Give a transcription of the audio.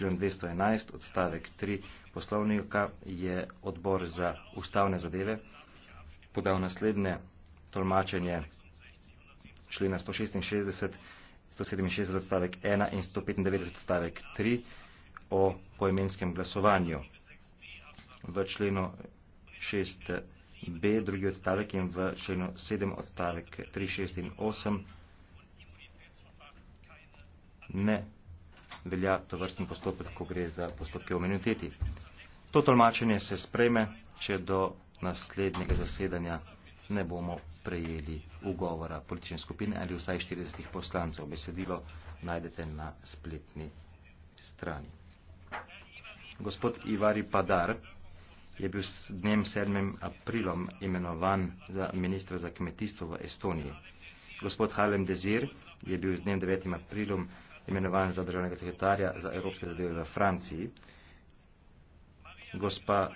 člen 211 odstavek 3 poslovnika je odbor za ustavne zadeve podal naslednje tolmačenje člena 166, 167 odstavek 1 in 195 odstavek 3 o poimenskem glasovanju. V členu 6b drugi odstavek in v členu 7 odstavek 3, 6 in 8 ne velja to vrstni postopek, ko gre za postopke omeniteti. To tolmačenje se spreme, če do naslednjega zasedanja ne bomo prejeli ugovora politične skupine ali vsaj 40 poslancev. Besedilo najdete na spletni strani. Gospod Ivari Padar je bil s dnem 7. aprilom imenovan za ministra za kmetijstvo v Estoniji. Gospod Halem Dezir je bil s dnem 9. aprilom imenovanj za državnega sekretarja za evropske zadeve v Franciji. Gospa